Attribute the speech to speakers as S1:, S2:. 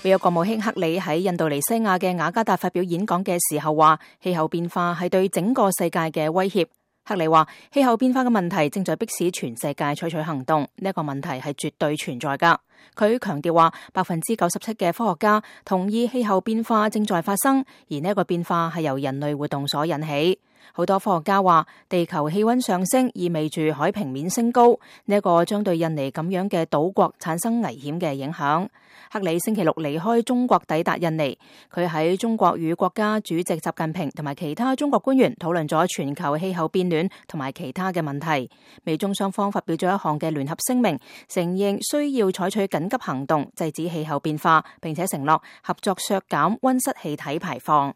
S1: 美國國務卿克里喺印度尼西亞嘅雅加達發表演講嘅時候話，氣候變化係對整個世界嘅威脅。克里話，氣候變化嘅問題正在迫使全世界採取，取行動，呢、這、一個問題係絕對存在噶。佢強調話，百分之九十七嘅科學家同意氣候變化正在發生，而呢個變化係由人類活動所引起。好多科學家話，地球氣溫上升意味住海平面升高，呢個將對印尼咁樣嘅島國產生危險嘅影響。克里星期六離開中國抵達印尼，佢喺中國與國家主席習近平同埋其他中國官員討論咗全球氣候變暖同埋其他嘅問題。美中雙方發表咗一項嘅聯合聲明，承認需要採取緊急行動，制止氣候變化，並且承諾合作削減溫室氣體排放。